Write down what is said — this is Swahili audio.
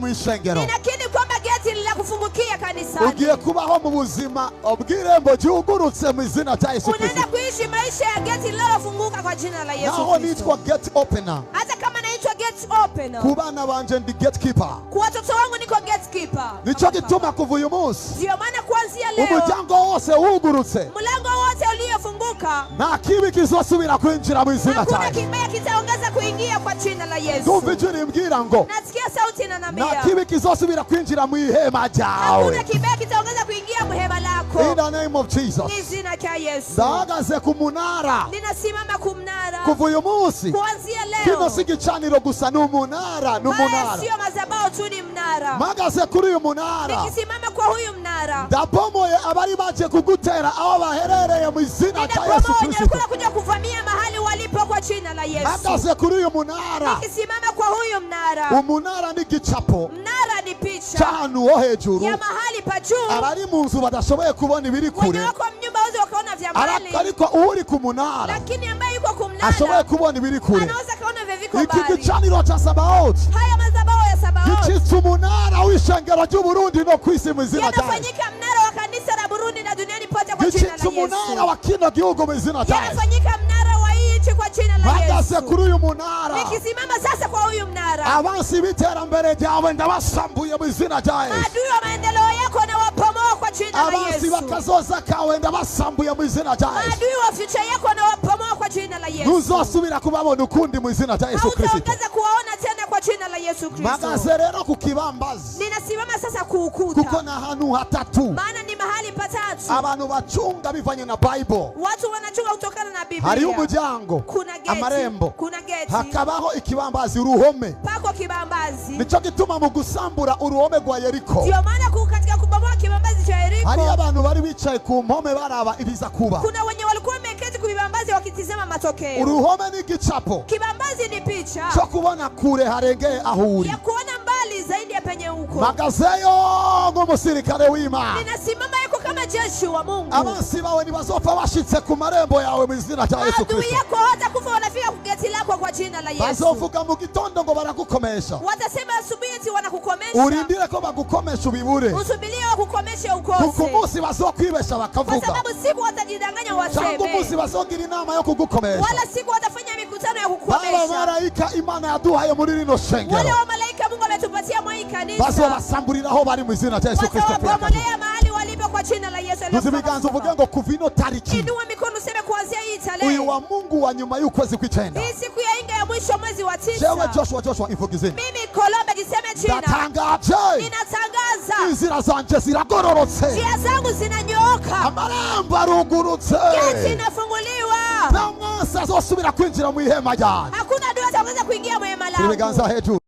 mu ishengero ninakiri kwamba geti linakufungukia kanisani ugiye kubaho mu buzima ubw'irembo ryugurutse mu izina rya yesu kristo unaenda kuishi maisha ya geti linalofunguka kwa jina la yesu naho nitwa get opener hata kama naitwa get opener ku bana banje ndi get keeper ku watoto wangu niko get keeper nico gituma kuva uyu munsi ndio maana kuanzia leo umuryango wose wugurutse mlango baraka, na kibi kizosubira kuinjira mu izina ryanjye, hakuna kibaya kitaongeza kuingia kwa jina la Yesu. Ndumva ijwi rimbwira ngo, nasikia sauti inaniambia, na kibi kizosubira kuinjira mu ihema ryawe, hakuna kibaya kitaongeza kuingia mu hema lako. In the name of Jesus, izina cha Yesu. Ndahagaze ku munara, ninasimama ku munara, kuva uyu munsi, kuanzia leo, kino si igicaniro gusa, ni umunara, ni umunara, sio madhabahu tu, ni mnara. Magaze kuri uyu munara, nikisimama kwa huyu mnara, ndabomoa abari baje kugutera aho baherereye mu izina rya Yesu Kristo, kuja kuvamia mahali walipo kwa jina la Yesu. Hagaze kuri uyu munara, nikisimama kwa huyu mnara. Umunara ni gicapo, mnara ni picha cy'ahantu ho hejuru ya mahali pa juu, abari mu nzu badashoboye kubona ibiri kure, wako mnyumba wote wakaona vya mbali, ariko uri ku munara, lakini ambaye yuko ku mnara ashoboye kubona ibiri kure, anaweza kaona viviko mbali. Iki gicaniro cha sabaot haya mazabao ya sabaot gicitse umunara w'ishengero ry'u Burundi no kwisi mu izina rya munara wa kina kiungo umezina, yafanyika mnara wa iyi nchi kwa jina la Yesu. Bagase kuri uyu munara, nikisimama sasa kwa uyu mnara, abansi b'iterambere ryawe ndabasambuye mu izina rya Yesu. Adui wa maendeleo yako na wapomoa kwa jina la Yesu. Abansi b'akazoza kawe ndabasambuye mu izina rya Yesu. Adui wa ficha yako na wapomoa kwa jina la Yesu. Ntuzosubira kubabona kubamo nukundi izina rya Yesu Kristo. Hautaongeza kuwaona tena kwa jina la Yesu Kristo. Bagase rero ku ninasimama sasa kuukuta, kuko na hantu hatatu, maana mahali patatu. abantu bacunga bivanye na Bible. watu wanachunga kutokana na Biblia. hari umujango kuna geti amarembo kuna geti hakabaho ikibambazi uruhome pako kibambazi nico gituma mu gusambura uruhome gwa Yeriko ndio maana katika kubomoa kibambazi cha Yeriko hari abantu bari bicaye ku mpome baraba ibiza kuba kuna wenye walikuwa wameketi bibambazi wakitizama matokeo uruhome ni gicapo kibambazi ni picha cho kubona kure harengeye ahuri ya kuona mbali zaidi ya penye huko magazeyo nk'umusirikare w'Imana ninasimama n'abajeshi wa Mungu. Abansi bawe nibazopfa bashitse ku marembo yawe mu izina rya Yesu Kristo. Aduye hata kufa wanafika kugeti lako kwa jina la Yesu. Bazovuga mu gitondo ngo baragukomesha. Watasema asubuhi eti wanakukomesha. Urindire ko bagukomesha ubibure. Usubirie wakukomeshe ukose. Kuko munsi bazokwibesha bakavuga. Kwa sababu siku watajidanganya waseme. Tangu munsi bazogira inama yo kugukomesha. Wala siku watafanya mikutano ya kukomesha Baba malaika Imana yaduhaye muri rino shengero. Wale wa malaika Mungu ametupatia mwa hii kanisa. Basi wasambulira bari mu izina rya Yesu Kristo. Watawabomoleya kwa jina la Yesu. Uzibiganza ngo kuva ino tariki, inua mikono kuanzia hii tarehe, uyu wa Mungu wa nyuma y'ukwezi kw'icyenda, hii siku ya inga ya mwisho mwezi wa tisa, jewe Joshua Joshua ivugizini, mimi Kolombe giseme jina, ndatangaje, ninatangaza inzira zanje ziragororotse, njia zangu zinanyooka, amarembo arugurutse, geti inafunguliwa, nta mwasi azosubira kwinjira mu ihema ryanjye, hakuna adui ataweza kuingia mu ihema langu. Ibiganza hetu